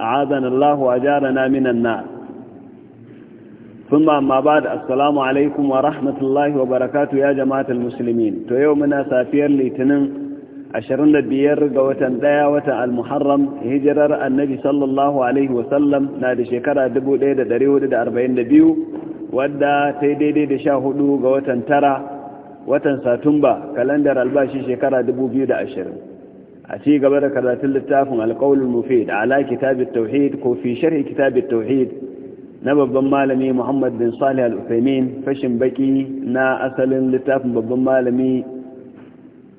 أعاذنا الله وأجارنا من النار ثم أما بعد السلام عليكم ورحمة الله وبركاته يا جماعة المسلمين تو يومنا سافير لتنم عشرين بير قوتن دايا وتا المحرم هجرر النبي صلى الله عليه وسلم نادي شكرا دبو ديدا دريو ديدا أربعين دبيو wadda ta yi daidai da sha hudu ga watan tara watan satumba kalandar albashi shekara dubu biyu da ashirin a ci gaba da karatun littafin alƙawul mufid ala kitabi tauhid ko fi sharhi kitabit tauhid na babban malami muhammad bin salih al-uthaymin fashin baki na asalin littafin babban malami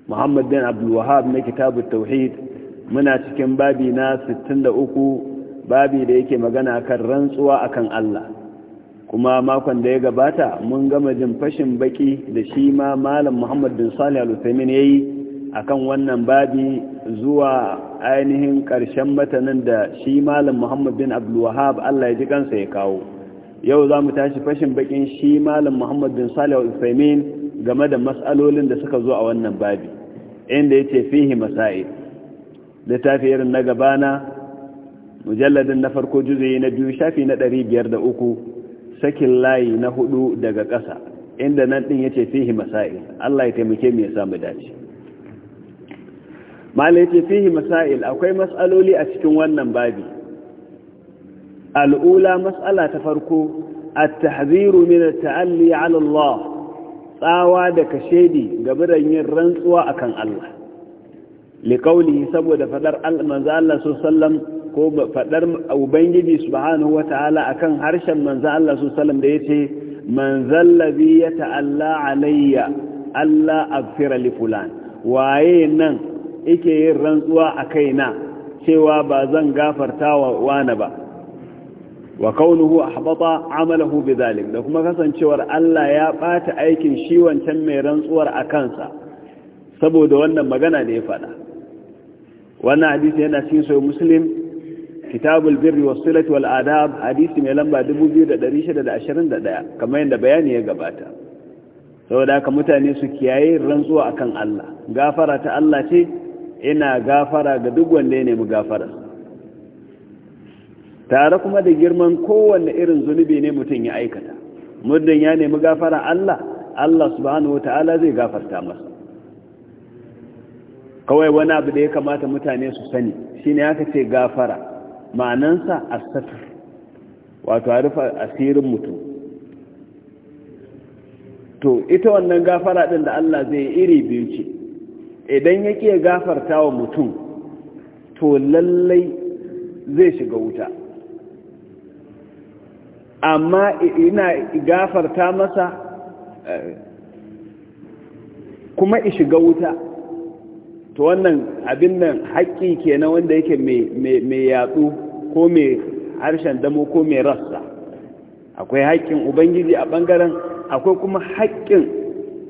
muhammad bin abdul wahab na kitabu tauhid muna cikin babi na 63 babi da yake magana kan rantsuwa akan Allah kuma makon da ya gabata mun gama jin fashin baki da shi ma malam muhammad bin salih al-uthaymin yayi akan wannan babi zuwa ainihin ƙarshen matanin da shi malam muhammad bin abdulwahab allah ya ji kansa ya kawo yau za mu tashi fashin bakin shi malam muhammad bin salihu usaimin game da matsalolin da suka zo a wannan babi inda ya ce fihi masa'id littafi irin na gabana mujalladin na farko juzuyi na biyu shafi na ɗari biyar da uku sakin layi na hudu daga ƙasa inda nan ɗin ya ce fihi masa'id allah ya taimake mu ya samu dace malai fihi masail akwai matsaloli a cikin wannan babi al'ula mas'ala ta farko a tahziru min taalli Allah tsawa da kashedi da yin rantsuwa akan Allah liqaulihi saboda fadar manzo Allah ko fadar ubangiji subhanahu wataala akan harshen manza Allah sallallahu da yace manzallabi ya yata'alla alayya Allah abfira li fulan waye nan yake yin rantsuwa a kaina cewa ba zan gafarta wa wani ba wa kaunuhu ahbata amalahu bidhalik da kuma kasancewar Allah ya bata aikin shi wancan mai rantsuwar a kansa saboda wannan magana da ya faɗa wannan hadisi yana cikin sahih muslim kitabul birri was silati wal adab hadisi mai lamba 2621 kamar yadda bayani ya gabata saboda haka mutane su kiyaye rantsuwa akan Allah gafara ta Allah ce ina gafara ga duk wanda ya nemi gafara tare kuma da girman kowanne irin zunubi ne mutum ya aikata muddin ya nemi gafara Allah Allah subhanahu wata'ala zai gafarta masa kawai wani abu da ya kamata mutane su sani shine aka ce gafara ma'anansa astatir wato a rufe asirin mutum to ita wannan gafara din da Allah zai iri biyu ce idan ya gafarta wa mutum to lallai zai shiga wuta amma ina gafarta masa kuma shiga wuta to wannan abin nan haƙƙi ke na wanda yake mai yatsu ko mai harshen damo ko mai rassa akwai haƙƙin ubangiji a ɓangaren akwai kuma haƙƙin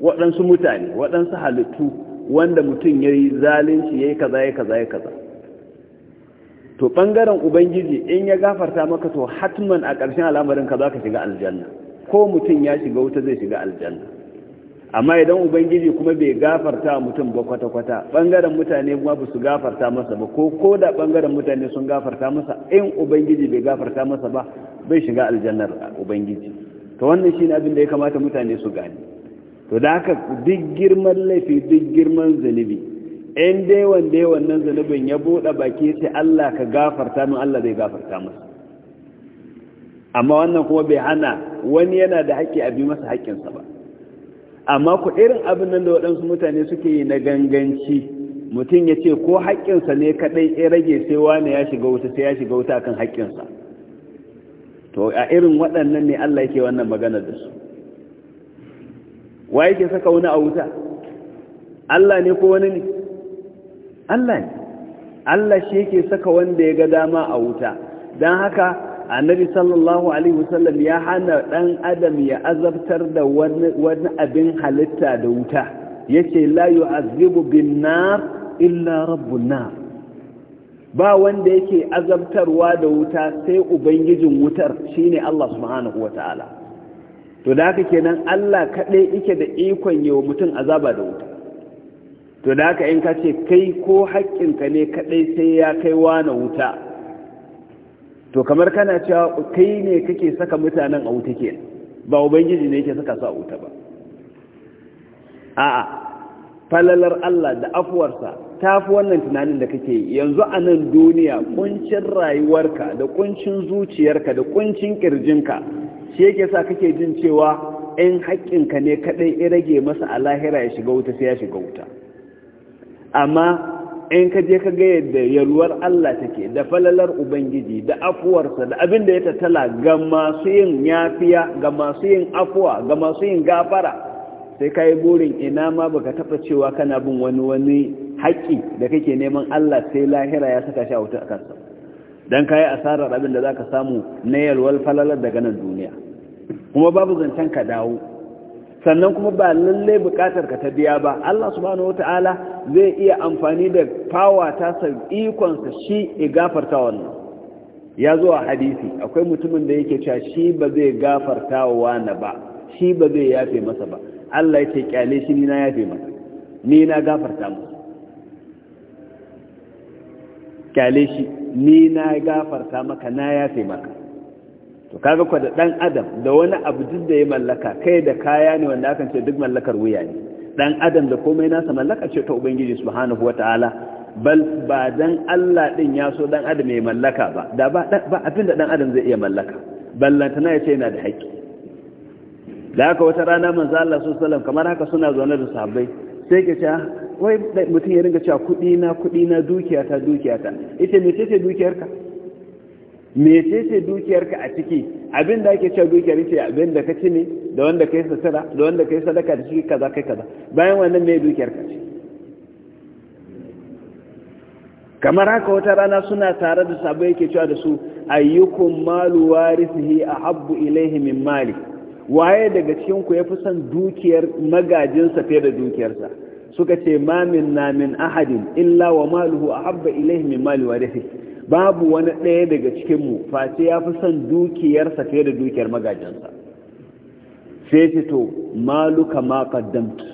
waɗansu mutane waɗansu halittu wanda mutum ya yi zalunci ya yi kaza ya kaza ya kaza to ɓangaren ubangiji in ya gafarta maka to hatman a ƙarshen al'amarin ka za ka shiga aljanna ko mutum ya shiga wuta zai shiga aljanna amma idan ubangiji kuma bai gafarta mutum ba kwata-kwata ɓangaren mutane kuma ba su gafarta masa ba ko ko da ɓangaren mutane sun gafarta masa in ubangiji bai gafarta masa ba bai shiga aljannar ubangiji to wannan shine abin da ya kamata mutane su gane to da haka duk girman laifi duk girman zunubi in dai wanda ya wannan zunubin ya buɗe baki sai Allah ka gafarta min Allah zai gafarta masa amma wannan kuma bai hana wani yana da haƙƙi a bi masa haƙƙinsa ba amma ku irin abin nan da waɗansu mutane suke yi na ganganci mutum ya ce ko haƙƙinsa ne kaɗai ya rage sai wani ya shiga wuta sai ya shiga wuta kan haƙƙinsa to a irin waɗannan ne Allah yake wannan magana da su wa yake saka wani a wuta Allah ne ko wani ne Allah ne Allah shi yake saka wanda ya ga dama a wuta don haka annabi sallallahu alaihi wasallam ya hana dan adam ya azabtar da wani abin halitta da wuta yace la yu'azibu bin nar illa rabbun nar ba wanda yake azabtarwa da wuta sai ubangijin wutar shine Allah subhanahu wataala to da haka kenan Allah kaɗai yake da ikon yi wa mutum azaba da wuta to da haka in ka ce kai ko haƙƙinka ne kaɗai sai ya kai na wuta to kamar kana cewa kai ne kake saka mutanen a wuta ke ba ubangiji ne yake saka su a wuta ba a'a falalar Allah da afuwarsa ta fi wannan tunanin da kake yi yanzu a nan duniya kuncin rayuwarka da kuncin zuciyarka da kuncin kirjinka shi yake sa kake jin cewa in haƙƙinka ne kaɗai ya rage masa a lahira ya shiga wuta sai ya shiga wuta amma in ka je ka ga yadda yalwar Allah take da falalar ubangiji da afuwarsa da abin da ya tattala ga masu yin yafiya ga masu yin afuwa ga masu yin gafara sai ka yi burin ina ma baka taɓa cewa kana bin wani wani haƙƙi da kake neman Allah sai lahira ya saka shi a wuta a kansa Don ka yi asarar abin da za ka samu na yalwar falalar daga nan duniya kuma babu zancen ka dawo sannan kuma ba lallai bukatar ka ta biya ba Allah subhanahu wata'ala zai iya amfani da power ta sa ikonsa shi ya gafarta wannan ya zo a hadisi akwai mutumin da yake cewa shi ba zai gafarta wa wani ba shi ba zai yafe masa ba Allah yake kyale shi ni na yafe masa ni na gafarta masa kyale shi ni na gafarta maka na yafe maka to kaga kwa da dan adam da wani abu duk da ya mallaka kai da kaya ne wanda akan ce duk mallakar wuya ne dan adam da komai nasa mallaka ce ta ubangiji subhanahu wataala bal ba dan Allah din ya so dan adam ya mallaka ba da ba ba abin da dan adam zai iya mallaka na ya ce yana da haƙƙi da haka wata rana manzo Allah sallallahu alaihi kamar haka suna zaune da sahabbai sai ke cewa wai mutum ya ringa cewa kuɗi na kuɗi na dukiya ta dukiya ta ita me ce dukiyarka ce dukiyarka a ciki abin da ake cewa dukiyar ce abin da ka ci ne da wanda ka yi sassara da wanda ka yi sadaka da ciki kaza kai kaza bayan wannan me dukiyarka ce kamar haka wata rana suna tare da sabo yake cewa da su ayyukum malu a ahabbu ilaihi min mali waye daga cikin ku yafi son dukiyar magajinsa fiye da dukiyarsa suka ce ma min na min ahadin illa wa maluhu ahabba ilaihi min mali warithihi babu wani ɗaya daga cikinmu face ya fi son dukiyarsa fiye da dukiyar magajinsa sai ce to maluka ma kaddamtu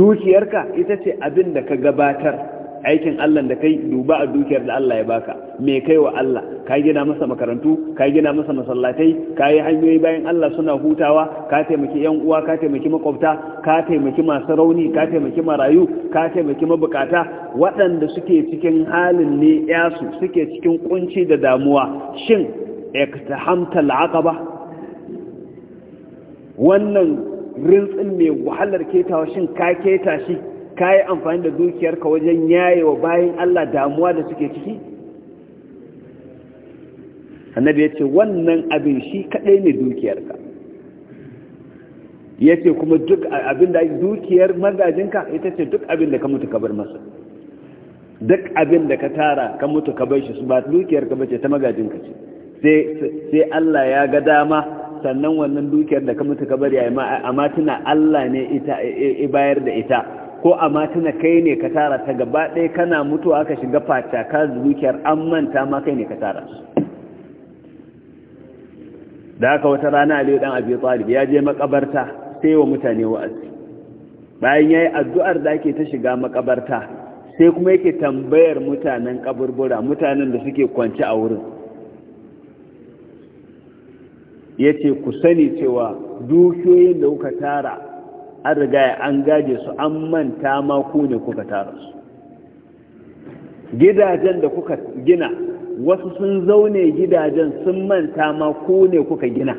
dukiyarka ita ce abin da ka gabatar aikin Allah da kai duba a dukiyar da Allah ya baka me kai wa Allah ka gina masa makarantu ka gina masa masallatai ka yi hanyoyi bayan Allah suna hutawa ka taimaki yan uwa ka taimaki makwabta ka taimaki masu rauni ka taimaki marayu ka taimaki mabukata waɗanda suke cikin halin ne yasu suke cikin kunci da damuwa shin iktahamta al'aqaba wannan rintsin mai wahalar ketawa shin ka keta shi ka yi amfani da dukiyarka wajen yaye wa bayan Allah damuwa da suke ciki annabi ya ce wannan abin shi kaɗai ne dukiyarka ya ce kuma duk abin da dukiyar magajinka ita ce duk abin da ka mutu ka bar masa duk abin da ka tara ka mutu ka bar shi su ba dukiyar ka ce ta magajinka ce sai Allah ya ga dama sannan wannan dukiyar da ka mutu ka bari amma tuna Allah ne ita bayar da ita ko a matuna kai ne ka tara ta gaba ɗaya kana mutuwa aka shiga fata ka dukiyar an manta ma kai ne ka tara da aka wata rana aliyu dan abu talib ya je makabarta sai wa mutane wa'azi bayan ya yi addu'ar da ake ta shiga makabarta sai kuma yake tambayar mutanen kaburbura mutanen da suke kwance a wurin Ya ce ku sani cewa dukiyoyin da kuka tara an riga an gaje su an manta ma ku ne kuka tara su gidajen da kuka gina wasu sun zaune gidajen sun manta ma ku ne kuka gina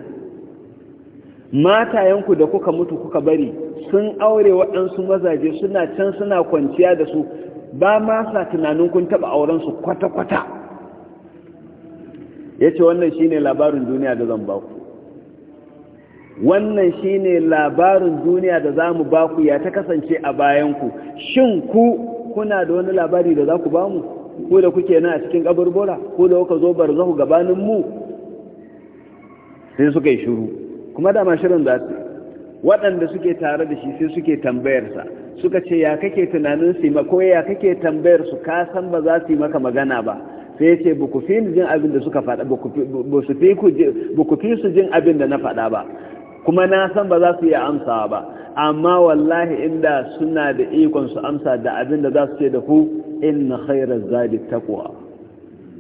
matayenku da kuka mutu kuka bari sun aure waɗansu mazaje suna can suna kwanciya da su ba ma sa tunanin kun taɓa aurensu kwata-kwata ya ce wannan shi ne labarin duniya da zan baku wannan shine labarin duniya da za mu baku ya ta kasance a bayanku shin ku kuna da wani labari da za ku ba mu ko da kuke na a cikin kaburbura ko da kuka zo barzahu gabanin mu sai suka yi shiru kuma da ma za su waɗanda suke tare da shi sai suke tambayarsa suka ce ya kake tunanin su ma ko ya kake tambayar su ka san ba za su yi maka magana ba sai ya ce ba ku fi jin abin da suka faɗa ba ku fi su jin abin da na faɗa ba kuma na san ba za su iya amsawa ba amma wallahi inda suna da ikon su amsa da abin da za su ce da ku inna khairar zadi taqwa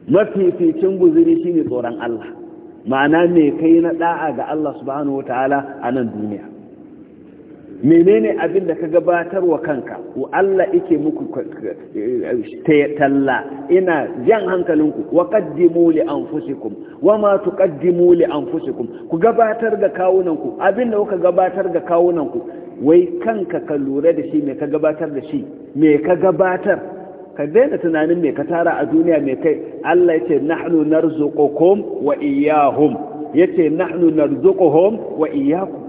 mafificin guziri shine tsoron Allah ma'ana me kai na da'a ga Allah subhanahu wataala a nan duniya menene abin da ka gabatar wa kanka wa Allah yake muku talla ina jan hankalinku wa qaddimu li anfusikum wa ma tuqaddimu li anfusikum ku gabatar da kawunanku abin da kuka gabatar ga kawunanku wai kanka ka lura da shi me ka gabatar da shi me ka gabatar ka daina tunanin me ka tara a duniya me kai Allah yace nahnu narzuqukum wa iyyahum yace nahnu narzuquhum wa iyyakum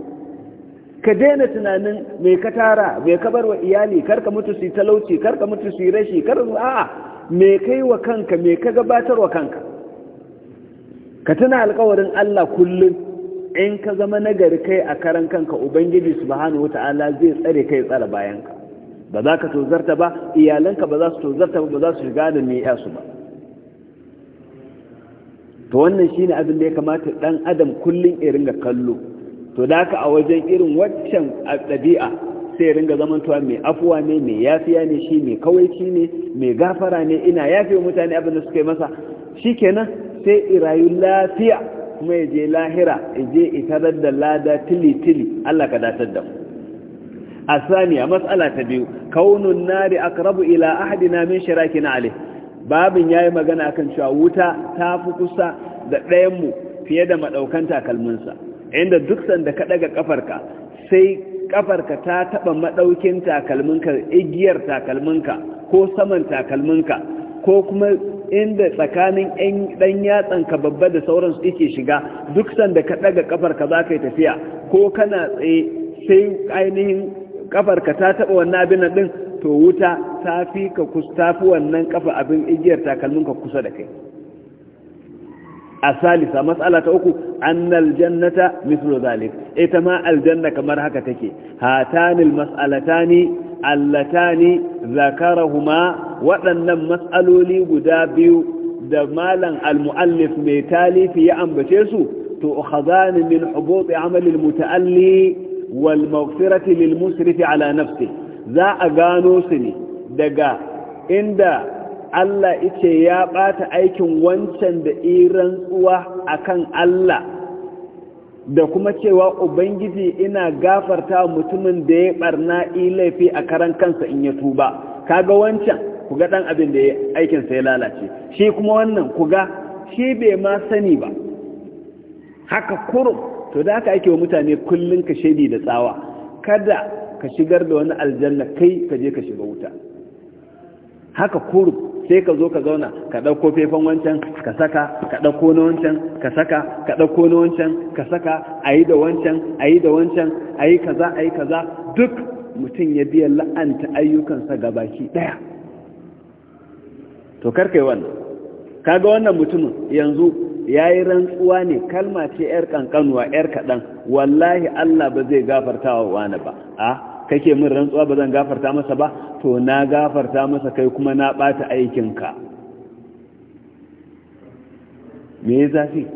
ka daina tunanin me ka tara me ka bar wa iyali karka mutu su talauci karka mutu su rashi kar a'a me kai wa kanka me ka gabatar wa kanka ka tuna alkawarin Allah kullum in ka zama nagari kai a karan kanka ubangiji subhanahu wata'ala zai tsare kai tsara bayanka ba za ka tozarta ba iyalanka ba za su tozarta ba ba za su shiga da me ba to wannan shine abin da ya kamata dan adam kullum ya ringa kallo to da haka a wajen irin waccan ɗabi'a sai ringa zamantowa mai afuwa ne mai yafiya ne shi mai kawaici ne mai gafara ne ina yafe mutane abin da suka yi masa kenan sai irayu lafiya kuma ya je lahira ya je itarar da lada tili tili Allah ka datar da mu الثانية مسألة تبيو كون ila ahadi na min shiraki na ale. babin ya yi magana akan cewa wuta ta fi kusa da ɗayan mu fiye da maɗaukanta kalminsa inda duk sanda ka daga kafarka sai kafarka ta taba madaukin takalminka igiyar takalminka ko saman takalminka ko kuma inda tsakanin ɗan yatsanka babba da sauransu yake shiga duk sanda ka daga kafarka za ka tafiya ko kana tsaye sai ainihin kafarka ta taba wannan abin nan din to wuta ta fi ka kusa ta wannan kafa abin igiyar takalminka kusa da kai a salisa ta uku annal jannata mislu zalik ita ma aljanna kamar haka take hatanil mas'alatani allatani zakarahuma waɗannan mas'aloli guda biyu da malan almuallif mai talifi ya ambace su to khazan min hubut amal almutalli wal maghfirati lil musrif ala nafsi za a gano su ne daga inda Allah ita ya ɓata aikin wancan da iran tsuwa kan Allah da kuma cewa Ubangiji ina gafarta mutumin da ya ɓarna ilaifi a karan kansa in ya tuba kaga wancan ku ga ɗan abin da ya aikinsa ya lalace shi kuma wannan ku ga shi bai ma sani ba haka kurum to da aka ake wa mutane kullum ka shaidi da tsawa kada ka shigar da wani aljanna kai ka je ka shiga wuta haka kuru sai ka zo ka zauna ka ɗauko fefan wancan ka saka ka ɗauko na wancan ka saka ka ɗauko na wancan ka saka a yi da wancan a yi da wancan a yi kaza a yi kaza duk mutum ya biya la'anta ayyukansa ga baki ɗaya to karka yi wannan kaga wannan mutumin yanzu ya yi rantsuwa ne kalma ce 'yar ƙanƙanuwa 'yar kaɗan wallahi allah ba zai gafarta wa wani ba a ah, kake min rantsuwa ba zan gafarta masa ba to na gafarta masa kai kuma na ɓata aikinka me ya zafi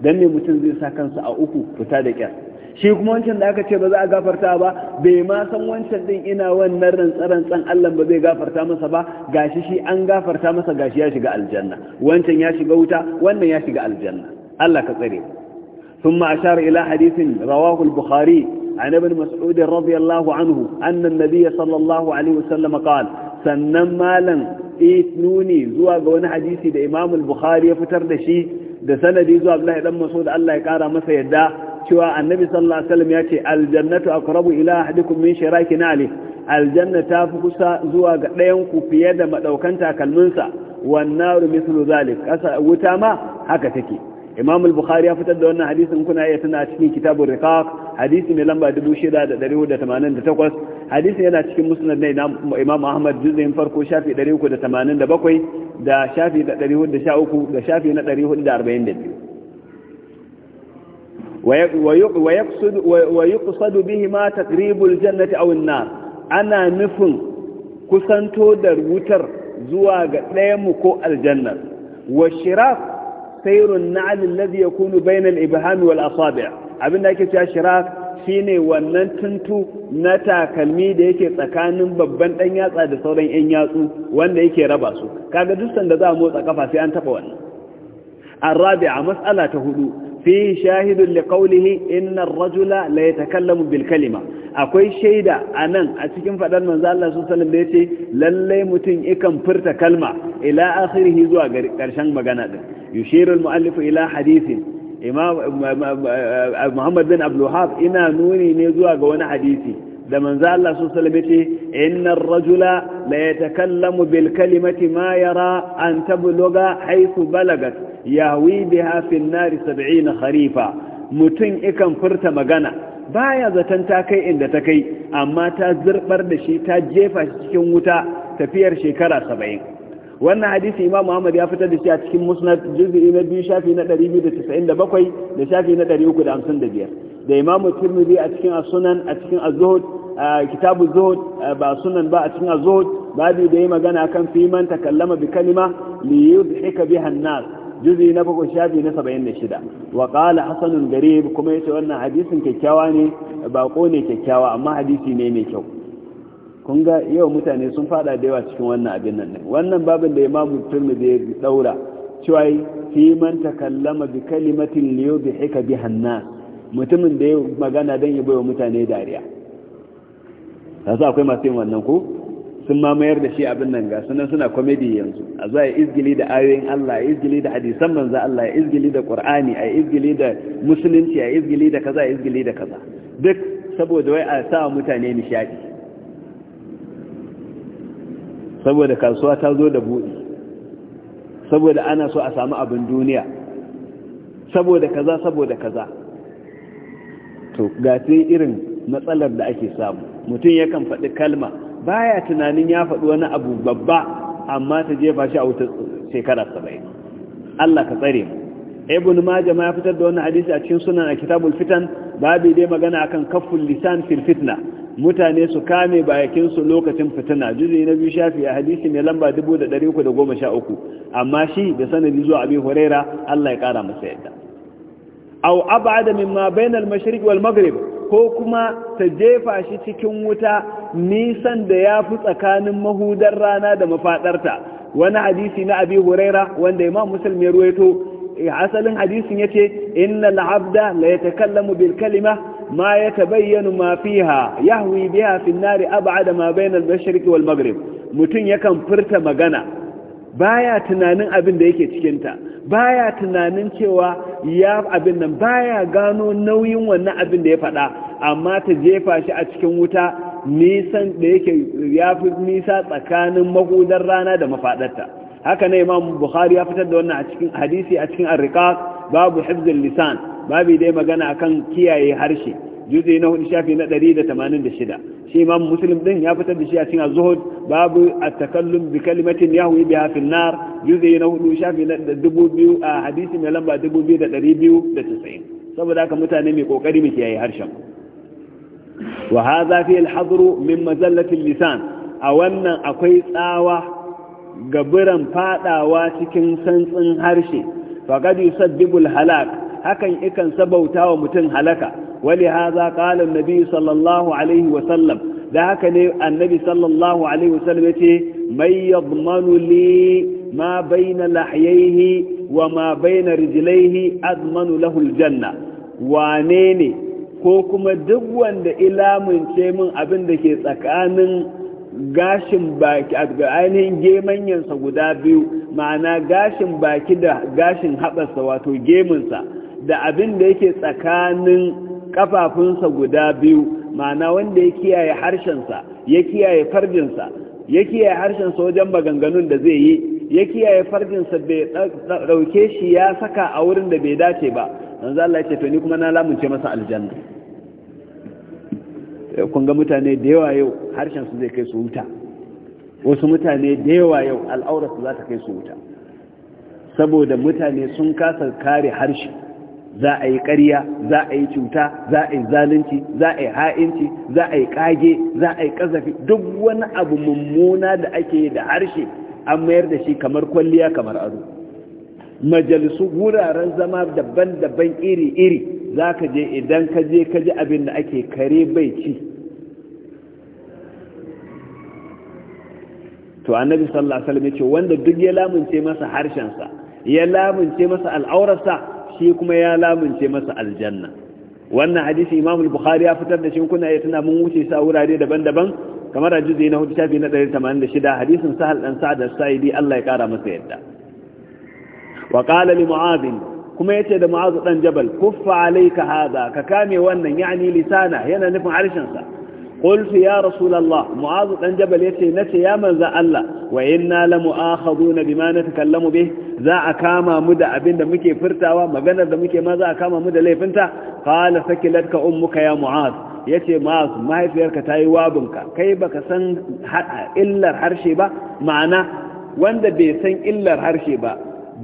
don ne mutum zai sa kansa a uku fita da kyar shi kuma wancan da aka ce ba za a gafarta ba bai ma san wancan din ina wannan rantsan Allah ba zai gafarta masa ba gashi shi an gafarta masa gashi ya shiga aljanna wancan ya shiga wuta wannan ya shiga aljanna Allah ka tsare ثم أشار إلى حديث رواه البخاري عن ابن مسعود رضي الله عنه أن النبي صلى الله عليه sannan malam nuni zuwa ga wani hadisi da imamul al ya fitar da shi da sanadi zuwa abdullahi dan masud Allah ya kara masa yadda cewa annabi sallallahu alaihi wasallam ya ce aljannatu aqrabu ila ahadikum min shiraki nali aljanna ta fi kusa zuwa ga ɗayan ku fiye da madaukan takalminsa wan naru mithlu zalik kasa wuta ma haka take imam al-bukhari ya fitar da wannan hadisin kuna iya tana cikin kitabun rikak hadisi mai lamba 6,488 hadisi yana cikin musnad na imam ahmad juzin farko shafi 387 da shafi 413 da shafi na 442 wa yuqsadu bihi ma taqribul jannati aw an-nar ana nufin kusanto da wutar zuwa ga ɗayan mu ko aljannar wa shiraf sayrun na'al alladhi yakunu bayna al-ibham wal asabi' abinda ake cewa shirak shine wannan tuntu na takalmi da yake tsakanin babban dan yatsa da sauran yan yatsu wanda yake raba su kaga duk sanda za a motsa kafa sai an taba wannan الرابعة مسألة هدوء فيه شاهد لقوله إن الرجل لا يتكلم بالكلمة akwai shaida a nan a cikin faɗar manzo Allah su sallam da yace lalle mutum ikan furta kalma ila akhirih zuwa karshen magana din يشير المؤلف إلى حديث إمام محمد بن عبد الوهاب إنا نوني نزوى قوانا حديثي ده من ذا الله صلى الله عليه وسلم إن الرجل لا يتكلم بالكلمة ما يرى أن تبلغ حيث بلغت يهوي بها في النار سبعين خريفا متن إكم فرت مغانا baya zaton ta kai inda ta kai amma ta zirbar da shi ta jefa shi cikin wuta tafiyar shekara saba'in wannan hadisi imam muhammad ya fitar da shi a cikin musnad juz'i na biyu shafi na 297 da shafi na 355 da imam tirmidhi a cikin as-sunan a cikin az-zuhud kitabu zuhud ba sunan ba a cikin az-zuhud babu da yayi magana kan fi man takallama bi kalima li yudhika biha an-nas juz'i na bakwai shafi na 76 wa qala hasan al-garib kuma yace wannan hadisin kyakkyawa ne bako ne kyakkyawa amma hadisi ne mai kyau kun ga yau mutane sun fada da yawa cikin wannan abin nan wannan babin da imamu da ya daura cewa fi man takallama bi kalimatin liyo bi hika bi hanna mutumin da ya magana don ya baiwa mutane dariya yasa akwai masu yin wannan ko sun ma mayar da shi abin nan ga sunan suna komedi yanzu a zuwa ya izgili da ayoyin Allah ya izgili da hadisan manzo Allah ya izgili da Qur'ani a izgili da musulunci a izgili da kaza ya izgili da kaza duk saboda wai a sa mutane nishadi saboda kasuwa ta zo da buɗi saboda ana so a samu abin duniya saboda kaza saboda kaza to ga irin matsalar da ake samu mutum yakan faɗi kalma baya tunanin ya faɗi wani abu babba amma ta jefa shi a wuta shekara saba'in Allah ka tsare mu ibn majah ma ya fitar da wannan hadisi a cikin sunan a kitabul fitan babu dai magana akan kafful lisan fil fitna mutane su kame bakinsu lokacin fitina juzi na biyu shafi a hadisi mai lamba 313 amma shi da sanadi zuwa abin huraira Allah ya kara masa yadda au abada mimma bainal mashriq wal maghrib ko kuma ta jefa shi cikin wuta nisan da ya fi tsakanin mahudar rana da mafadarta wani hadisi na abi huraira wanda imam muslim ya ruwaito asalin hadisin yace innal abda la yatakallamu bil kalima ما يتبين ما فيها يهوي بها في النار أبعد ما بين المشرق والمغرب متن يكن فرت مغانا baya tunanin abin da yake cikinta baya tunanin cewa ya abin nan baya gano nauyin wannan abin da ya faɗa amma ta jefa shi a cikin wuta nisan da yake ya fi nisa tsakanin mahudar rana da mafaɗata. haka na imam bukhari ya fitar da wannan hadisi a cikin arriqaq babu hifzil lisan Babi dai magana akan kiyaye harshe juzi na hudu shafi na 186 shi imam muslim din ya fitar da shi a cikin zuhud babu at-takallum bi kalimatin yahwi biha an nar juzi na hudu shafi na 2000 a hadisi mai lamba 2290 saboda haka mutane mai kokari mu kiyaye harshen wa hadha fi al-hadr min mazallati lisan a wannan akwai tsawa gaburan fadawa cikin santsin harshe faqad yusabbibu al-halak hakan ikan sabauta wa mutum halaka wali haza qala nabi sallallahu alaihi wa da haka ne annabi sallallahu alaihi wa sallam yace mai yadmanu li ma baina lahyaihi wa ma baina rijlaihi admanu lahu aljanna wane ne ko kuma duk wanda ce min abin da ke tsakanin gashin baki ga ainihin gemanyansa guda biyu ma'ana gashin baki da gashin haɓarsa wato gemunsa da abin da yake tsakanin kafafunsa guda biyu ma'ana wanda ya kiyaye harshensa ya kiyaye farjinsa ya kiyaye harshensa wajen maganganun da zai yi ya kiyaye farjinsa bai dauke shi ya saka a wurin da bai dace ba za Allah ya ce to ni kuma na lamunce masa aljanna eh, kun ga mutane da yawa yau harshensu zai kai su wuta wasu mutane da yawa yau al'aurarsu za ta kai su wuta saboda mutane sun kasa kare harshe za a yi ƙarya za a yi cuta za a yi zalunci za a yi ha'inci za a yi ƙage za a yi ƙazafi duk wani abu mummuna da ake yi da harshe an mayar da shi kamar kwalliya kamar ado majalisu wuraren zama daban-daban iri-iri za ka je idan ka je ka ji abin da ake kare bai ci to annabi sallallahu alaihi wasallam ya ce wanda duk ya lamunce masa sa ya lamunce masa al'aurarsa shi kuma ya lamunce masa aljanna wannan hadisi imam al-bukhari ya fitar da shi kuna ya tana mun wuce sa wurare daban-daban kamar a juzi na hudu shafi na 186 hadisin sahal dan sa'ad as-sa'idi Allah ya kara masa yadda wa qala li mu'adh kuma yace da mu'adh dan jabal kuffa alayka hadha ka kame wannan yani lisana yana nufin harshen sa قلت يا رسول الله معاذ بن جبل يتي نتي يا من ذا الله وإنا لمؤاخذون بما نتكلم به za a kama mu da abin da muke furtawa maganar da muke ma za a kama mu da laifinta qala sakilatka ummuka ya mu'az yace mu'az mahaifiyarka ta yi wabinka kai baka san illar harshe ba ma'ana wanda bai san illar harshe ba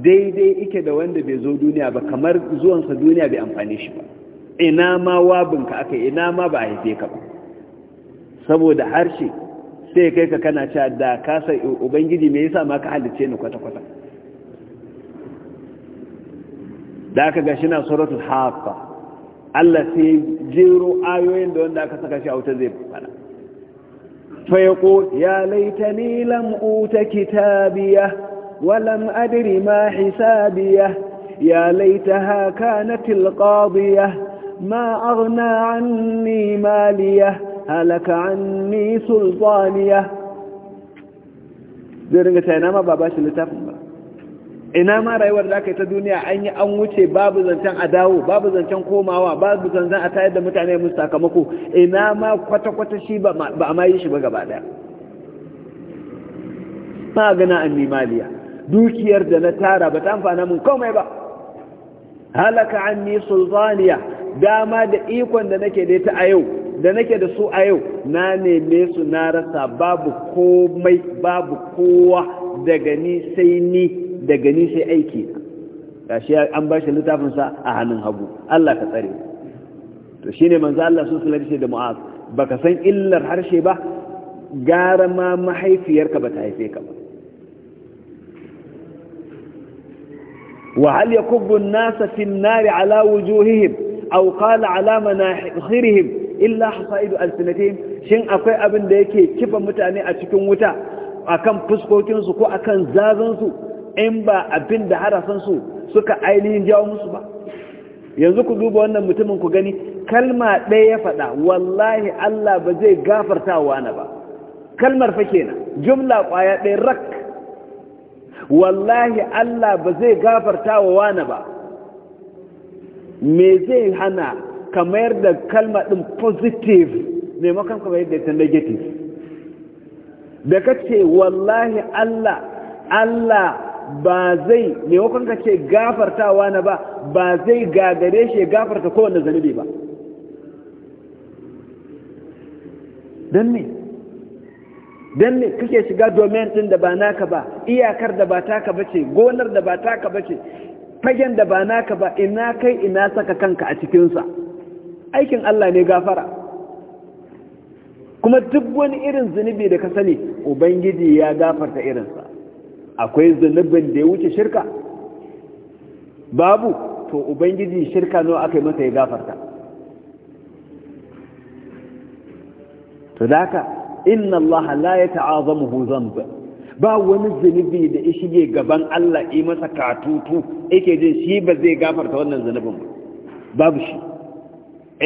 daidai ike da wanda bai zo duniya ba kamar zuwansa duniya bai amfane shi ba ina ma wabinka aka ina ma ba a haife ka ba saboda harshe sai kai ka kana cewa da ka san ubangiji me yasa ma ka halice ni kwata-kwata ذاك غشنا صورة الحاقة التي جيروا آيوين دون ذاك تغشي أو تذيب فيقول يا ليتني لم أوت كتابية ولم أدر ما حسابية يا ليتها كانت القاضية ما أغنى عني مالية هلك عني سلطانية ذي رنجة ينامى باباش اللي تفهمها ina ma rayuwar da aka yi ta duniya an yi an wuce babu zancen a dawo babu zancen komawa babu zancen a tayar da mutane musu sakamako ina ma kwata-kwata shi ba a ma yi shi ba gaba daya ba gana an nimaliya dukiyar da na tara ba ta amfana mun komai ba halaka an ni sultaniya dama da ikon da nake da ta a da nake da su a yau na neme su na rasa babu komai babu kowa daga ni sai ni daga ni sai aiki gashi an ba shi littafinsa a hannun hagu Allah ka tsare to ne manzo Allah su sallallahu alaihi da Mu'az ka san illar harshe ba gara ma mahaifiyarka ba ta haife ka ba wa hal yakubbu an-nasa fi an-nar ala wujuhihim aw qala ala manahirihim illa hasaidu alsinatihim shin akwai abin da yake kifa mutane a cikin wuta akan fuskokinsu ko akan zazansu in ba abin da su suka ainihin jawo musu ba yanzu ku duba wannan mutumin ku gani kalma ɗaya ya faɗa wallahi Allah ba zai gafarta wa na ba kalmar fa kenan jumla ƙwaya ɗaya rak wallahi Allah ba zai gafarta wa wani ba me zai hana ka mayar da kalma ɗin positive maimakon ka mayar da ita negative da ka ce wallahi Allah Allah ba zai wakon ka ce gafartawa na ba ba zai gagare shi gafarta kowane zanibi ba don ne don ne kake shiga domin ɗin da ba naka ba iyakar da ba taka ba ce gonar da ba taka ba ce fagen da ba naka ba ina kai ina saka kanka a cikinsa aikin Allah ne gafara kuma duk wani irin zunubi da ka sani ubangiji ya gafarta irinsa akwai zunubin da ya wuce shirka babu to ubangiji shirka nawa aka yi masa ya gafarta to daka inna Allah la yata'azamuhu dhanb ba wani zunubi da ya shige gaban Allah yi masa katutu yake jin shi ba zai gafarta wannan zunubin ba babu shi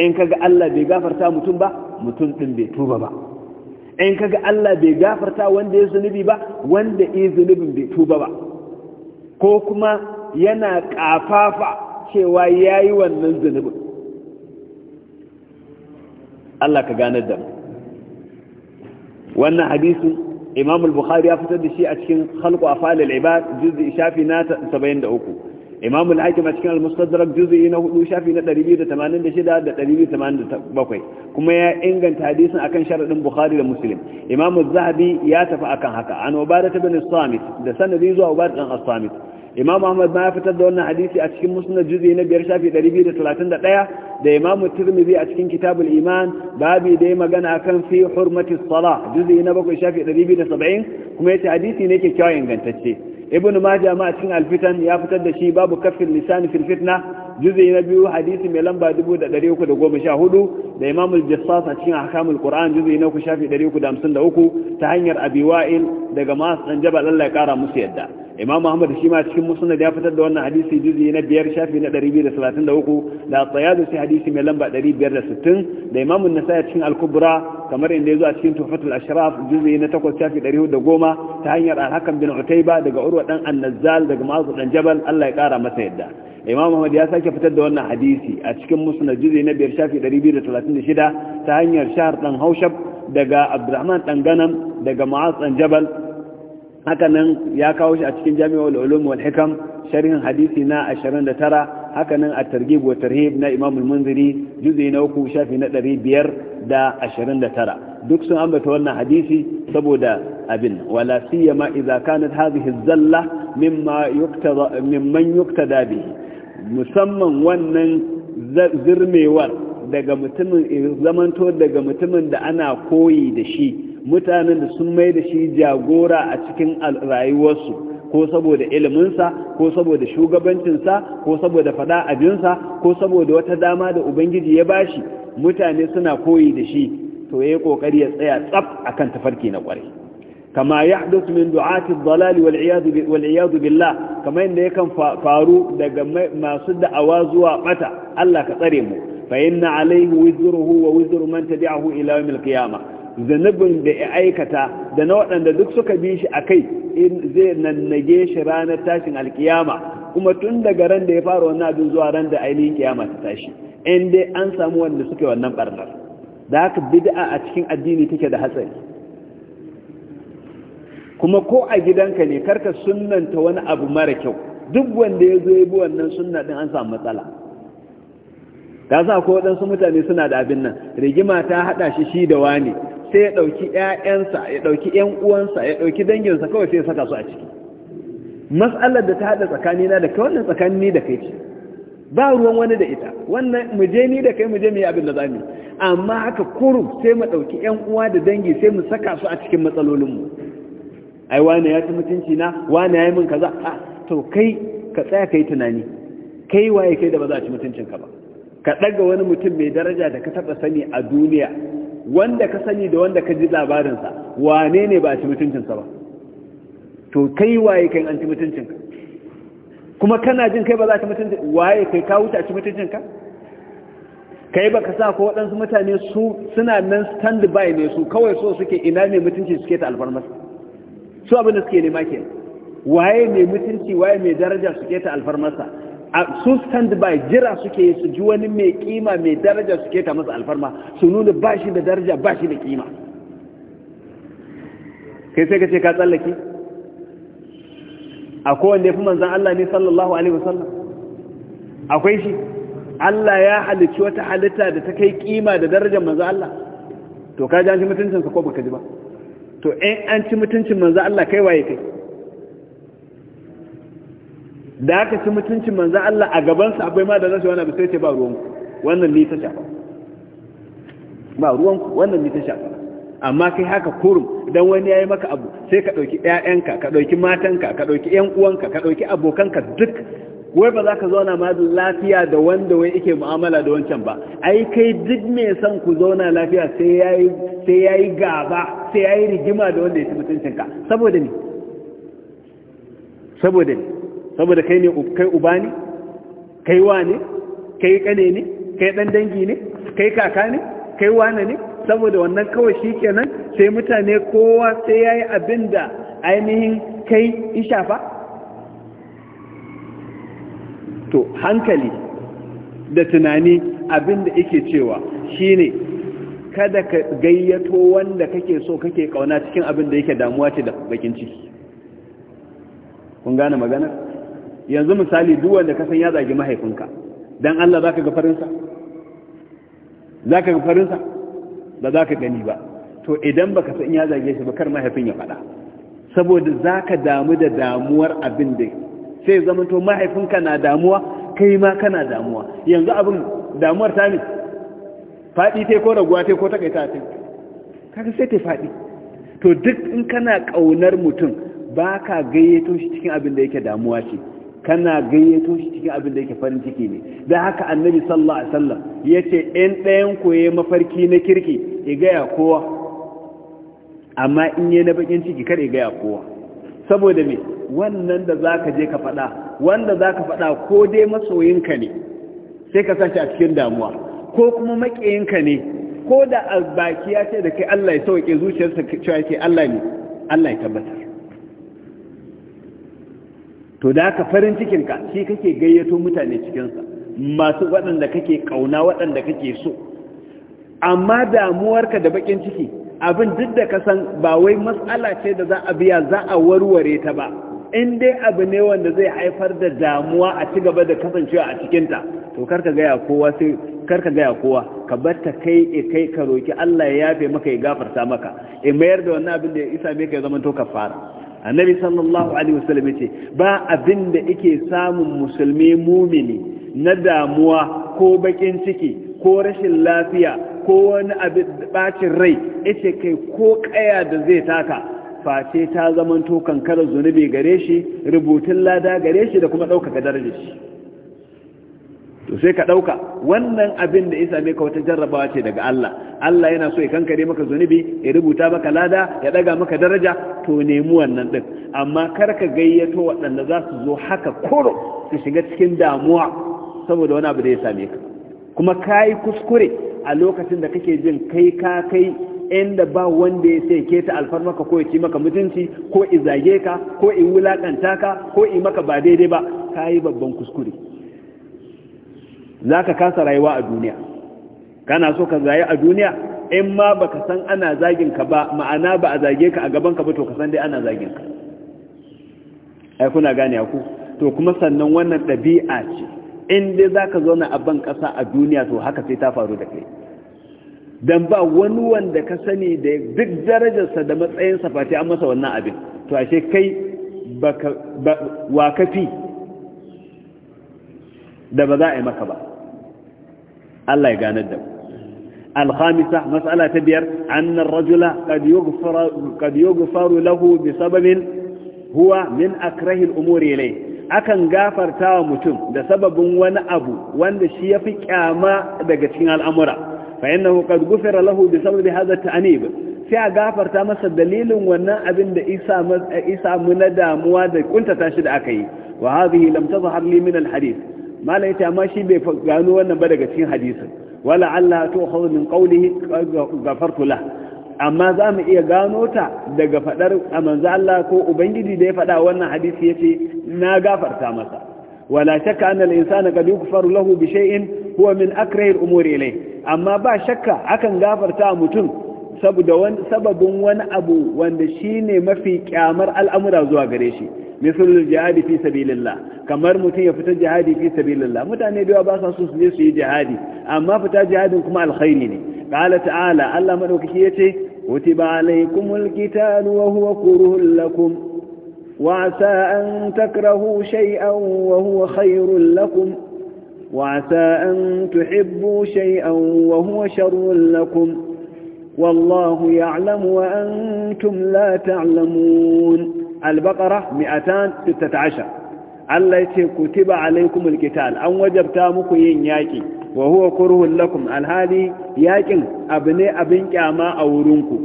in kaga Allah bai gafarta mutum ba mutum din bai tuba ba in kaga Allah bai gafarta wanda ya zunubi ba wanda ya zunubin bai tuba ba ko kuma yana kafafa cewa ya yi wannan zunubin Allah ka gane da wannan hadisin imam al-bukhari ya fitar da shi a cikin khalqu afalil ibad juz'i shafi na 73 Imamu al-hakim a cikin al-mustadrak juz'i na hudu shafi na 286 da 287 kuma ya inganta hadisin akan sharaɗin bukhari da muslim imamu zahabi ya tafi akan haka an ubada ibn samit da sanadi zuwa ubada ɗan samit imamu ahmad ma ya fitar da wannan hadisi a cikin musnad juz'i na biyar shafi 231 da imamu tirmidhi a cikin kitabul iman babi da magana akan fi hurmati as juz'i na bakwai shafi 270 kuma yace hadisi ne kyakkyawan ingantacce ibnu majah ma cikin alfitan ya fitar da shi babu kafin lisani fil fitna juz'i na biyu hadisi mai lamba 1314 da imam al-jassas a cikin ahkamul qur'an juz'i na 353 ta hanyar abi wa'il daga mas dan jabal Allah ya kara musu yadda imam muhammad shi ma cikin musnad ya fitar da wannan hadisi juzi na biyar shafi na 233 da tsayadu sai hadisi mai lamba 560 da imam an-nasai cikin al-kubra kamar inda yazo a cikin tuhfatul ashraf juzi na 8 shafi 410 ta hanyar al-hakam bin utayba daga urwa dan an-nazzal daga ma'az dan jabal Allah ya kara masa yadda imam muhammad ya sake fitar da wannan hadisi a cikin musnad juzi na biyar shafi 236 ta hanyar shahr dan haushab daga abdurrahman dan ganam daga ma'az dan jabal hakanan ya kawo shi a cikin jami'ul ulum wal hikam sharhin hadisi na 29 hakanan a targhib wa tarhib na imamul al-munziri juz'i na uku shafi na 529 duk sun ambata wannan hadisi saboda abin wala siyama idza kanat hadhihi az-zalla mimma yuqtada mimman musamman wannan zirmewar daga mutumin zamanto daga mutumin da ana koyi da shi mutanen da sun mai da shi jagora a cikin rayuwarsu ko saboda iliminsa ko saboda shugabancinsa ko saboda fada abinsa ko saboda wata dama da ubangiji ya bashi mutane suna koyi da shi to ya yi ƙoƙari ya tsaya tsaf a kan tafarki na ƙwarai kama ya haɗu min du'ati dalali wal'iyadu billah kama yadda yakan faru daga masu da'awa zuwa ɓata allah ka tsare mu fa inna alaihi wizruhu wa wizru man tabi'ahu ila yawmil qiyamah zanubin da ya aikata da na waɗanda duk suka bi shi a kai zai nannage shi ranar tashin alkiyama kuma tun daga ran da ya fara wannan abin zuwa ran da ainihin kiyama ta tashi in dai an samu wanda suke wannan barnar da haka bid'a a cikin addini take da hatsari kuma ko a gidanka ne karka sunnanta wani abu mara kyau duk wanda ya zo ya bi wannan sunna din an samu matsala ka sa ko waɗansu mutane suna da abin nan rigima ta haɗa shi shi da wani sai ya ɗauki ‘ya'yansa ya ɗauki ‘yan uwansa ya ɗauki danginsa kawai sai ya saka su a ciki matsalar da ta haɗa tsakanina da kawai tsakani da kai ce ba ruwan wani da ita wannan mu je ni da kai mu je mu yi abin da za mu amma haka kurum sai mu ɗauki ‘yan uwa da dangi sai mu saka su a cikin matsalolinmu ai wane ya ci mutunci na wane ya yi min kaza a to kai ka tsaya kai tunani kai waye kai da ba za a ci mutuncinka ba ka ɗaga wani mutum mai daraja da ka taɓa sani a duniya wanda ka sani da wanda ka ji labarinsa wane ne ba a ci mutuncinsa ba to kai waye kai an ci mutuncinka kuma kana jin kai ba za a ci mutuncin waye kai ka wuce a ci mutuncinka kai ba ka sa ko waɗansu mutane su suna nan stand by ne su kawai so suke ina ne mutunci suke ta alfarmasa su abin da suke nema ke waye mai mutunci waye mai daraja suke ta alfarmasa su stand by jira suke yi su ji wani mai kima mai daraja suke ta masa alfarma su nuna ba shi da daraja ba shi da kima kai sai ka ce ka tsallake a ya fi manzan Allah ne sallallahu alaihi wasallam akwai shi Allah ya halicci wata halitta da ta kai kima da darajar manzan Allah to ka ji an ci mutuncinsa ko baka ji ba to in an ci mutuncin manzan Allah kai waye kai da aka ci mutuncin manzan Allah a gabansa abai ma da nasu wani abu sai ce ba ruwanku wannan ne ta shafa ba ruwanku wannan ne ta shafa amma kai haka kurum dan wani ya yi maka abu sai ka ɗauki ƴaƴanka ka ɗauki matanka ka ɗauki ƴan uwanka ka ɗauki abokanka duk wai ba za ka zauna ma da lafiya da wanda wai yake mu'amala da wancan ba ai kai duk mai son ku zauna lafiya sai yayi sai yayi gaba sai yayi rigima da wanda ya ci mutuncinka saboda ni saboda ni saboda kai ne kai uba ne kai wa ne kai kane ne kai dan dangi ne kai kaka ne kai wane ne saboda wannan kawai shi kenan sai mutane kowa sai yayi abinda ainihin kai ishafa to hankali da tunani abinda yake cewa shine kada ka gayyato wanda kake so kake kauna cikin abinda yake damuwa ce da bakin ciki kun gane maganar yanzu misali duk wanda ka san ya zagi mahaifinka dan Allah zaka ga farin sa zaka ga farin sa ba zaka gani ba to idan baka san ya zage shi ba kar mahaifin ya faɗa saboda zaka damu da damuwar abin da sai zama to mahaifinka na damuwa kai ma kana damuwa yanzu abin damuwar ta ne faɗi tai ko raguwa tai ko takaita tai kaga sai ta faɗi to duk in kana ƙaunar mutum ba ka gayyato shi cikin abin da yake damuwa ce kana gayyato shi cikin abin da yake farin ciki ne da haka annabi sallallahu alaihi wasallam yace in ɗayan ku yayi mafarki na kirki ya gaya kowa amma in yayi na bakin ciki kada ya gaya kowa saboda me wannan da zaka je ka faɗa wanda zaka faɗa ko dai masoyinka ne sai ka sashi a cikin damuwa ko kuma makiyinka ne ko da albaki ya ce da kai Allah ya sauke zuciyarsa cewa yake Allah ne Allah ya tabbata to da haka farin cikinka shi kake gayyato mutane cikinsa masu waɗanda kake ƙauna waɗanda kake so amma damuwarka da baƙin ciki abin duk da ka san ba wai matsala ce da za a biya za a warware ta ba in dai abu ne wanda zai haifar da damuwa a ci gaba da kasancewa a cikinta to karka gaya kowa sai karka gaya kowa ka bar ta kai e kai ka roki Allah ya yafe maka ya gafarta maka e mayar da wannan abin da ya isa me ka zama to ka fara. annabi sallallahu alaihi wasallam yace ba abin da yake samun musulmi mumini na damuwa ko bakin ciki ko rashin lafiya ko wani abu bacin rai yace kai ko kaya da zai taka face ta zamanto kankara zunubi gare shi rubutun lada gare shi da kuma ɗaukaka darajar shi to sai ka ɗauka wannan abin da ya same ka wata jarrabawa ce daga Allah Allah yana so ya kankare maka zunubi ya rubuta maka lada ya ɗaga maka daraja to nemi wannan ɗin amma kar ka gayyato waɗanda za su zo haka koro su shiga cikin damuwa saboda wani abu da ya same ka kuma ka yi kuskure a lokacin da kake jin kai ka kai inda ba wanda ya sai keta maka ko ya ci maka mutunci ko izage ka ko i wulakanta ka ko i maka ba daidai ba ka yi babban kuskure za ka kasa rayuwa a duniya kana so ka zaye a duniya in ma ba ka san ana zagin ba ma'ana ba a zage ka a gaban ka ba to ka san dai ana zagin ka ai kuna gane ku to kuma sannan wannan ɗabi'a ce in dai za ka zauna a ban ƙasa a duniya to haka sai ta faru da kai dan ba wani wanda ka sani da duk darajarsa da matsayinsa fati an masa wannan abin to ashe kai wa kafi da ba za a yi maka ba Allah ya ganar da الخامسة مسألة تبير أن الرجل قد يغفر, قد يغفر له بسبب هو من أكره الأمور إليه akan gafarta mutum da sababin wani abu wanda shi ya kyama daga cikin al'amura fa yana hukar gufera lahu da sababi haza ta'anib sai a gafarta masa dalilin wannan abin da isa na damuwa da kuntata shi da aka yi wa hazihi lamta zahar limin alhadis malai ta ma shi bai gano wannan ba daga cikin hadisin wala Allah to khawd min qawlihi ghafartu la amma za mu iya gano ta daga fadar manzo Allah ko ubangiji da ya fada wannan hadisi yace na gafarta masa wala shakka anna al-insana qad yughfaru lahu bi shay'in huwa min akrahi al-umuri ilayhi amma ba shakka akan gafarta mutum saboda wani sababin wani abu wanda shine mafi kyamar al'amura zuwa gare shi مثل الجهاد في سبيل الله كمر متي يفتى جهادي في سبيل الله متى نبيه أبا صنصوص يسوي جهادي أما فتى جهادكم على الخيريني قال تعالى ألا ملوكيتي وتب عليكم الكتاب وهو كره لكم وعسى أن تكرهوا شيئا وهو خير لكم وعسى أن تحبوا شيئا وهو شر لكم والله يعلم وأنتم لا تعلمون Albakara 216 Allah ya ce kutiba alaikumul qital an wajabta muku yin yaki wa huwa kurhun lakum alhali yakin abu ne abin kyama a wurinku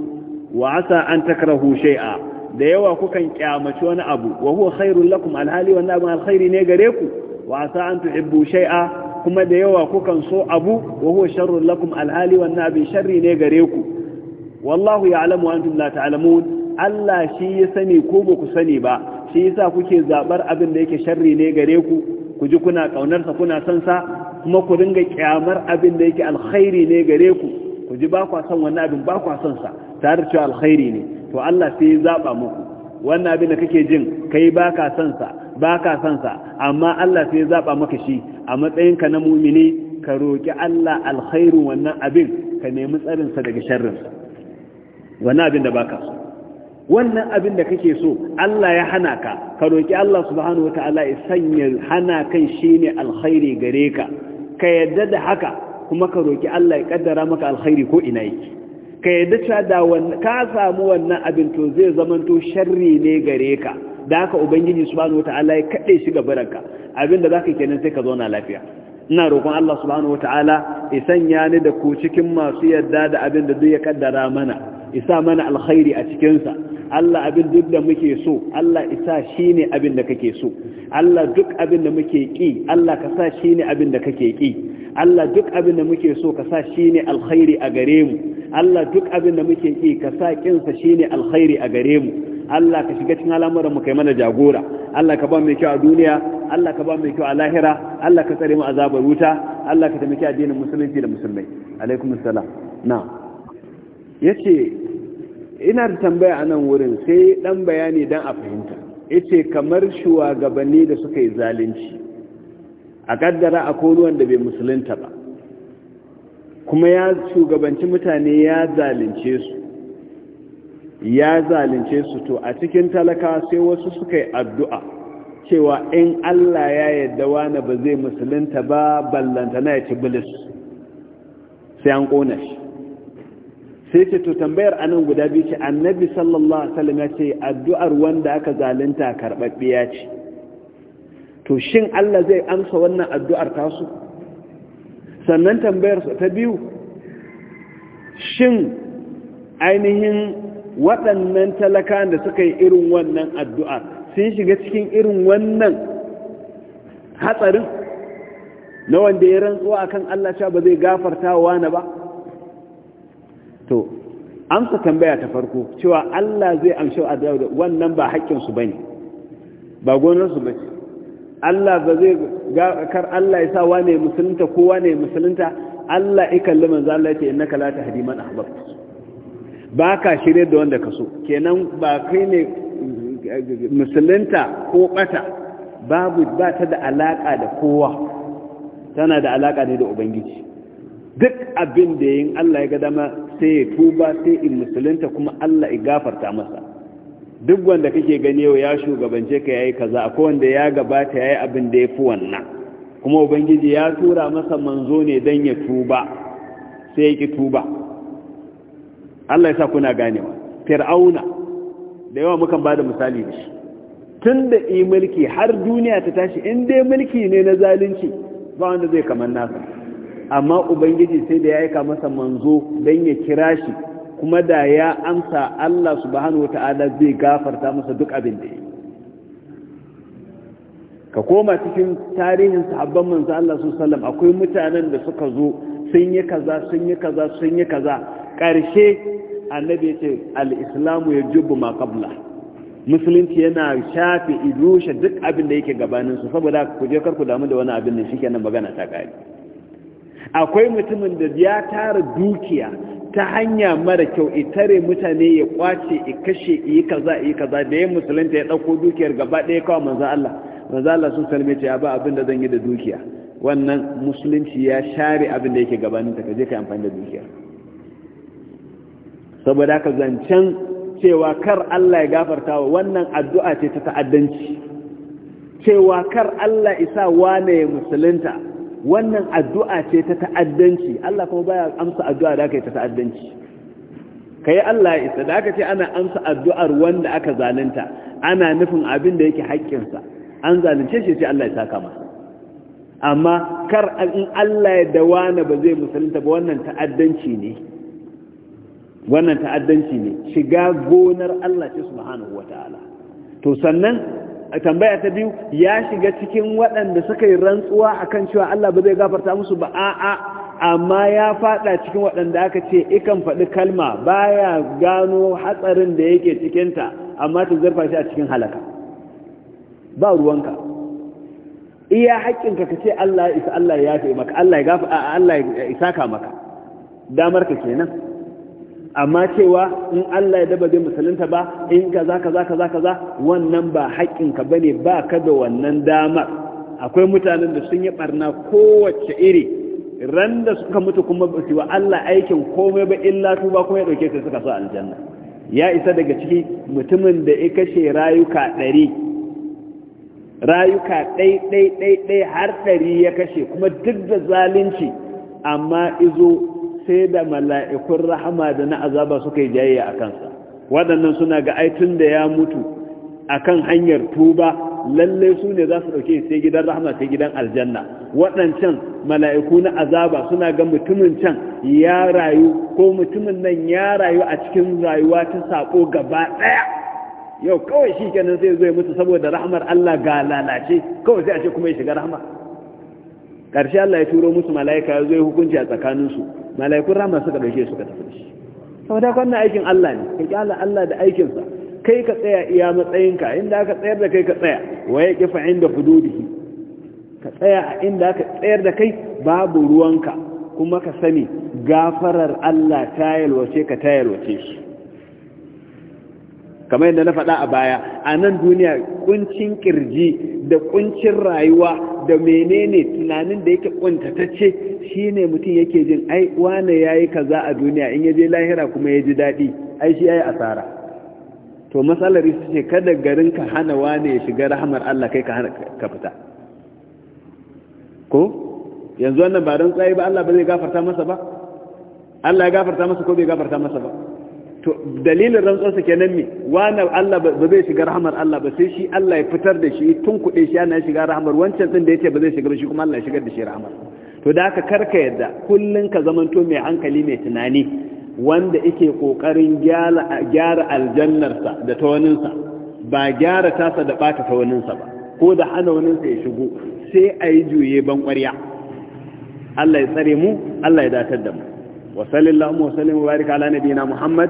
wa asa an takrahu shay'a da yawa kukan kyamaci wani abu wa huwa khairul lakum alhali wannan abin alkhairi ne gare ku wa asa an tuhibbu shay'a kuma da yawa kukan so abu wa huwa sharrul lakum alhali wannan abin sharri ne gare ku wallahu ya'lamu wa antum la ta'lamun Allah shi ya sani ko ba ku sani ba shi yasa kuke zabar abin da yake sharri ne gare ku ku ji kuna kaunarsa kuna son sa kuma ku dinga kyamar abin da yake alkhairi ne gare ku ku ji ba ku son wannan abin ba ku san sa tare cewa alkhairi ne to Allah sai ya zaba muku wannan abin da kake jin kai ba ka san sa ba ka san sa amma Allah sai ya zaba maka shi a matsayin ka na mumini ka roki Allah alkhairu wannan abin ka nemi tsarin sa daga sharrin wannan abin da baka so wannan abin da kake so Allah ya hana ka ka roki Allah subhanahu wataala ya sanya hana kan shine alkhairi gare ka ka yadda da haka kuma ka roki Allah ya kaddara maka alkhairi ko ina yake ka yadda cewa da ka samu wannan abin to zai zamanto sharri ne gare ka da haka ubangiji subhanahu wataala ya kade shi ga baranka abin da zaka kenan sai ka zauna lafiya ina roƙon Allah subhanahu wataala ya sanya ni da ku cikin masu yadda da abin da duk ya kaddara mana isa mana alkhairi a cikinsa Allah abin duk da muke so Allah isa shi ne abin da kake so Allah duk abin da muke ƙi Allah ka sa shi ne abin da kake ƙi Allah duk abin da muke so ka sa shi ne alkhairi a gare mu Allah duk abin da muke ƙi ka sa ƙinsa shi ne alkhairi a gare mu Allah ka shiga cikin al'amuran mu kai mana jagora Allah ka ba mu kyau a duniya Allah ka ba mu kyau a lahira Allah ka tsare mu azabar wuta Allah ka taimaki addinin musulunci da musulmai alaikum assalam na yace ina da tambaya a nan wurin sai dan bayani dan a fahimta yace kamar shugabanni da suka yi zalunci a kaddara a koruwan da bai musulunta ba kuma ya shugabanci mutane ya zalunce su ya zalunce su to a cikin talaka sai wasu suka yi addu'a cewa in Allah ya yadda wani ba zai musulunta ba ballanta na ya ci bilis sai an ƙona shi sai ce to tambayar anan guda biyu ce annabi sallallahu alaihi wasallam ya ce addu'ar wanda aka zalunta karɓaɓɓiya ce to shin Allah zai amsa wannan addu'ar tasu sannan tambayar ta biyu shin ainihin waɗannan talakan da suka yi irin wannan addu'ar sun shiga cikin irin wannan hatsarin na wanda ya rantsuwa akan Allah sha ba zai gafarta wa wani ba to amsa tambaya ta farko cewa Allah zai amshi addu'a wannan ba haƙƙin su bane ba gonar su bace Allah ba zai kar Allah ya sa wane musulunta ko wane musulunta Allah ya kalli manzo Allah ya ce innaka la tahdi man ahbabta ba ka shirye da wanda ka so kenan ba kai ne musulunta ko bata babu ba ta da alaka da kowa tana da alaka ne da ubangiji duk abin da yin Allah ya ga dama sai ya tuba sai in musulunta kuma Allah ya gafarta masa duk wanda kake gani yau ya shugabance ka yayi kaza akwai wanda ya gabata yayi abin da yafi wannan kuma ubangiji ya tura masa manzo ne dan ya tuba sai ya ki tuba Allah ya sa kuna ganewa fir'auna da yawa mukan ba da misali da shi tun da yi mulki har duniya ta tashi inda dai mulki ne na zalunci ba wanda zai kamar nasa amma ubangiji sai da ya aika masa manzo don ya kira shi kuma da ya amsa Allah subhanahu wata'ala zai gafarta masa duk abin da ya ka koma cikin tarihin sahabban manzo Allah akwai mutanen da suka zo sun yi kaza sun yi kaza sun yi kaza ƙarshe annabi ya ce al'islamu ya jubu ma kabla musulunci yana shafe idushe duk abin da yake gabaninsu saboda ku je karku damu da wani abin da shi kenan magana ta kari akwai mutumin da ya tara dukiya ta hanya mara kyau itare mutane ya kwace ya kashe yi kaza yi kaza da ya musulunta ya ɗauko dukiyar gaba ɗaya kawai manzo Allah manzo Allah sun salme ce ba abin da zan yi da dukiya wannan musulunci ya share abin da yake gabanin ta kaje kai amfani da dukiyar saboda ka zancen cewa kar Allah ya gafarta wa wannan addu'a ce ta ta'addanci cewa kar Allah isa wane ya musulunta wannan addu'a ce ta ta'addanci Allah kuma baya amsa addu'a da aka yi ta ta'addanci ka yi Allah ya isa da aka ce ana amsa addu'ar wanda aka zalunta ana nufin abin da yake haƙƙinsa an zalunce shi ce Allah ya saka masa amma kar in Allah ya dawana ba zai musulunta ba wannan ta'addanci ne wannan ta'addanci ne shiga gonar Allah ce subhanahu wataala to sannan a tambaya ta biyu ya shiga cikin waɗanda suka yi rantsuwa a kan cewa Allah ba zai gafarta musu ba a amma ya fada cikin waɗanda aka ce ikan faɗi kalma baya gano hatsarin da yake cikinta amma ta zarfa shi a cikin halaka ba ruwanka iya haƙƙinka ka ce Allah ya yafe maka Allah ya gafa Allah ya isaka maka damar ka kenan amma cewa in Allah ya daba bai musulunta ba in kaza kaza kaza kaza wannan ba haƙƙinka bane ba ka da wannan damar akwai mutanen da sun yi barna kowace iri ran da suka mutu kuma ba su wa Allah aikin komai ba illa tuba kuma ya dauke su suka sa aljanna ya isa daga ciki mutumin da ya kashe rayuka ɗari rayuka ɗai ɗai ɗai ɗai har ɗari ya kashe kuma duk da zalunci amma izo sai da mala'ikun rahama da na azaba suka yi jayayya a kansa waɗannan suna ga aitun da ya mutu a kan hanyar tuba lalle su ne za su ɗauke sai gidan rahama sai gidan aljanna waɗancan mala'iku na azaba suna ga mutumin can ya rayu ko mutumin nan ya rayu a cikin rayuwa ta saƙo gaba ɗaya yau kawai shi kenan sai zai mutu saboda rahamar Allah ga lalace kawai sai a ce kuma ya shiga rahama ƙarshe Allah ya turo musu mala'ika ya zo ya hukunci a tsakaninsu mala'ikun rama suka ɗauke suka tafi da shi saboda wannan aikin Allah ne ka ƙyala Allah da aikinsa kai ka tsaya iya matsayinka inda aka tsayar da kai ka tsaya waye kifa inda hududihi ka tsaya a inda aka tsayar da kai babu ruwanka kuma ka sani gafarar Allah ta yalwace ka ta yalwace shi kamar yadda na faɗa a baya a nan duniya kuncin kirji da kuncin rayuwa da menene tunanin da yake kuntatacce ne mutum yake jin ai wane yi kaza a duniya in yaje lahira kuma ya ji daɗi ai shi ya yi asara to matsalar su ce kada garin ka hana wane ya shiga rahamar Allah kai ka hana ka fita ko yanzu wannan ba don tsayi ba Allah ba zai gafarta masa ba Allah ya gafarta masa ko bai gafarta masa ba to dalilin rantsuwarsa kenan me wani Allah ba zai shiga rahamar Allah ba sai shi Allah ya fitar da shi tun kuɗe shi ana shiga rahamar wancan din da yace ba zai shiga ba shi kuma Allah ya shigar da shi rahamar to da kar karka yadda kullun ka zamanto mai hankali mai tunani wanda yake kokarin gyara aljannarsa da waninsa, ba gyara tasa da bata waninsa ba ko da hana waninsa ya shigo sai a yi juye ban ƙwarya Allah ya tsare mu Allah ya datar da mu wa sallallahu wa sallam wa barika ala Muhammad